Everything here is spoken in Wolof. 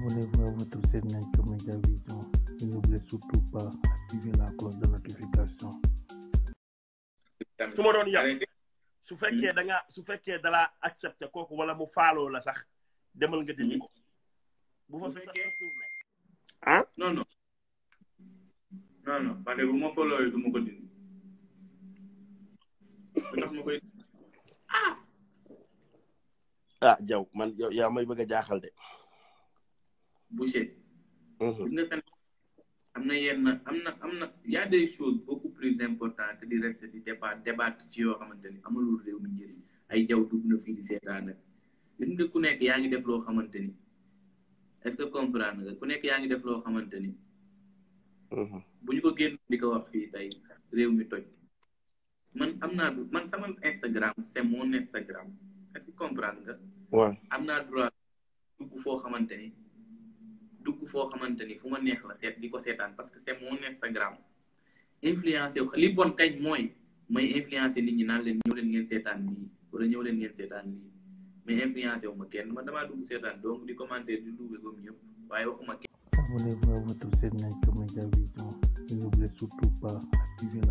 abonnez-vous à votre chaîne Omega Vision et n'oubliez surtout pas su ma doon yàq su fekkee da nga su fekkee da laa kooku wala mu faaloo la sax demal nga dindi ko. bu ah non man yow yaa may bëgg a jaaxal de. bouché. Mmh. y a des choses beaucoup plus importantes que di rester di débat débattre ci yoo xamante ni amalul réew mi njëriñ ay jaw dugg na fii di seetaan nag gis nga ku nekk yaa ngi def loo xamante est-ce que comprendre nga ku nekk yaa ngi def loo xamante ni. bu ko génn di ko wax fii tey réew mi toj. man amna man sama Instagram c'est mon Instagram est-ce que comprendre nga. waaw am naa droit dugg foo xamante ni. foo xamante ni fu ma neex la seet di ko seetaan parce que c'est mon Instagram influencé li bon kañ mooy may influencé nit ñi naan leen ñëw leen ngeen seetaan nii wala ñëw leen ngeen seetaan nii mais influencé wu ma kenn man damaa dugg seetaan donc di commenter di duggee comme ñëpp waaye waxuma kenn. abonnez-vous à votre chaîne Nahit's Média Vision et n'oubliez surtout pas activer